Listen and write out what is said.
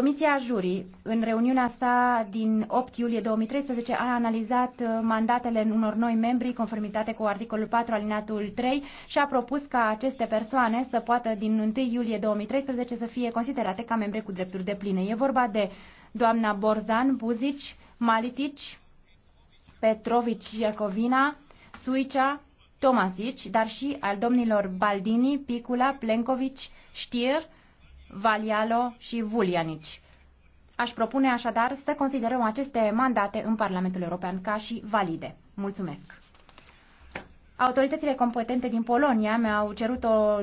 Comisia Jurii, în reuniunea sa din 8 iulie 2013, a analizat uh, mandatele unor noi membri, conformitate cu articolul 4 alineatul 3, și a propus ca aceste persoane să poată din 1 iulie 2013 să fie considerate ca membre cu drepturi de pline. E vorba de doamna Borzan, Buzici, Malitici, Petrovici, Iacovina, Suicea, Tomasici, dar și al domnilor Baldini, Picula, Plencovici, Știr, Valialo și Vulianici. Aș propune așadar să considerăm aceste mandate în Parlamentul European ca și valide. Mulțumesc! Autoritățile competente din Polonia mi-au cerut o...